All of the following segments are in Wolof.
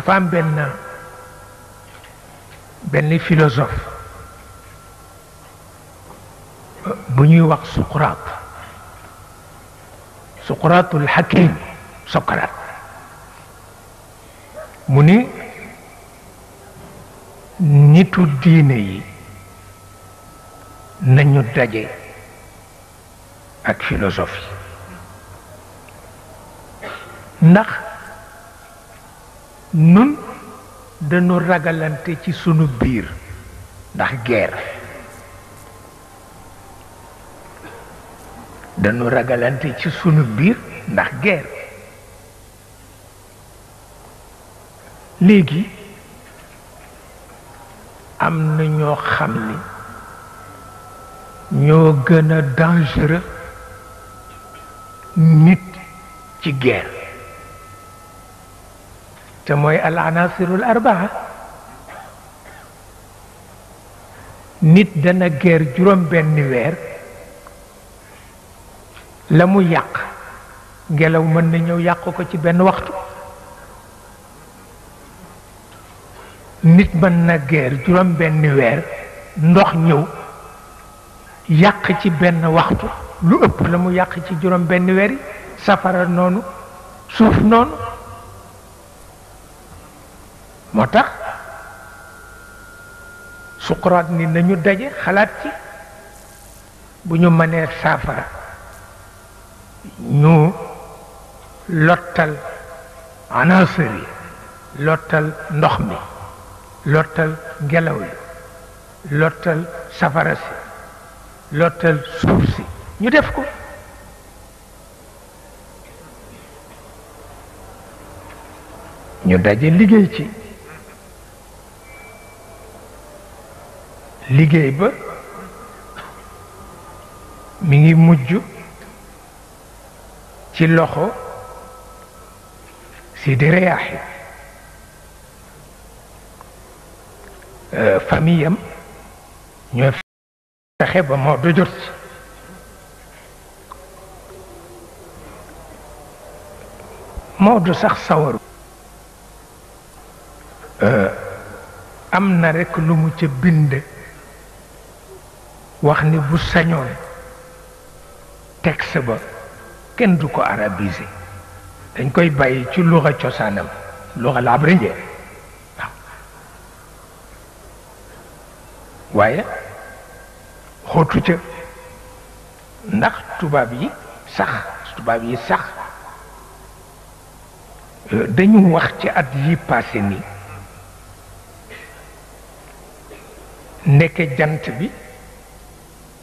dafa am benn benn philosophe bu ñuy wax suqraat suqraatul xakim socraat mu ni nitu diine yi nañu daje ak philosophie ndax nun dañu ragalante ci sunu biir ndax guerre dañu ragalante ci sunu biir ndax guerre léegi am na ñoo xam ni ñoo gën a dangereux nit ci guerre te al anasirul arbaa nit dana geer juróom benn weer la mu yàq ngelaw mën na ñëw yàq ko ci benn waxtu nit mën na geer juróom benn weer ndox ñëw yàq ci benn waxtu lu ëpp la mu ci juróom benn weer safara suuf moo tax suquraat ni nañu daje xalaat ci bu ñu mënee saafara ñu lottal anasër yi lottal ndox mi lotal ngelaw li lottal safara si lotal suuf si ñu def ko ñu daje liggéey ci liggéey ba mu ngi mujj ci loxo Sidi Riyaaxi euh, famille am ñoo fexe moo du moo du sax sawaru euh, am na rekk lu mu ca bind wax ni bu sañoon texte ba kenn du ko arabisé dañ koy bàyyi ci luxa cosaanam luxa la abrindien waaye xóotu ca ndax tubaab yi sax tubaab yi sax euh, dañu wax ci at yi passé ni nekke jant bi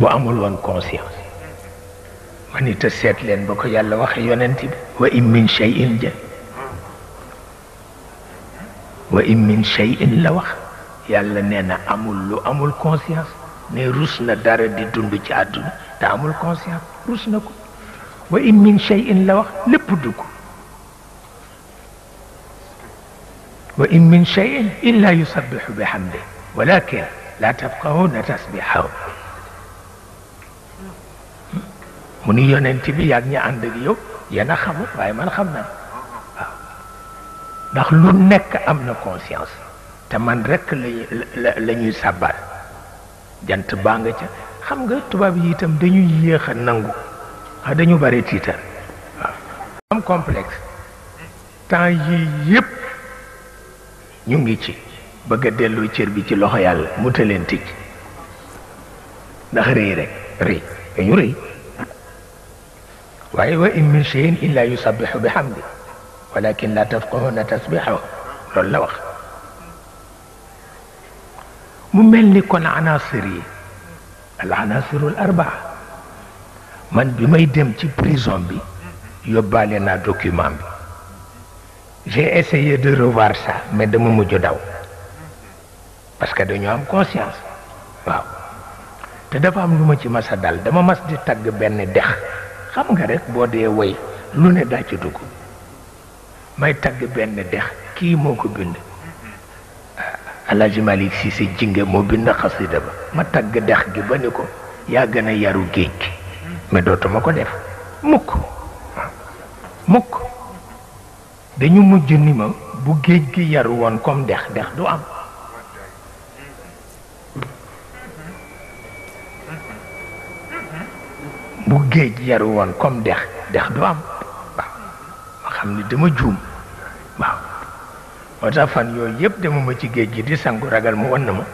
bu amul won conscience mani te set len bako yàlla waxe yonenti bi wa in min shay'in ja wa in min shay'in la wax yàlla neena amul lu amul conscience ne rus na dara di dund ci àdduna ta amul conscience rus na ko wa in min shay'in la wax lépp dugg wa in min cheyin illa yusabbihu bihamdi walakin la tafqahuna tasbihahu mu ni yonent bi yàgg ñi ànd ak yow yéen a xamul waaye man xam naa ndax lu nekk am na conscience te man rekk la la ñuy sàbbal jant baa nga ca xam nga tubaab yi itam dañuy yéex a nangu a ah, dañu bare tiital waaw am complexe temps yii yëpp ñu ngi ci bëgg a delloo cër bi ci loxo yàlla mu te leen tij ndax rëy rek rëy dañu rëy وإن من شيء إلا يسبح بحمده ولكن لا تفقهون تسبحه لولا وقت مملك العناصر العناصر الأربعة من بما يدم تي بريزون بي يبالينا دوكيومون بي j'ai essayé de revoir ça mais dama mujjo daw parce que dañu am conscience waaw te دمو am luma ci massa dal dama mas di xam nga rek boo dee woy lu ne daa ci may tagg benn dex kii moo ko bind ah, Alaaji Malik Si si jinge moo bind xasida ba ma tagg dex gi ba ni ko yaa gën a yaru géej gi dootuma ko def mukk ah, mukk dañu mujj ni ma bu géej gi yaru woon comme dex dex du am bu géej yaru woon comme dex dex du am waaw ma xam ni dama juum waaw moo tax fan yooyu yëpp dama ma ci géej gi di sangu ragal mu won na ma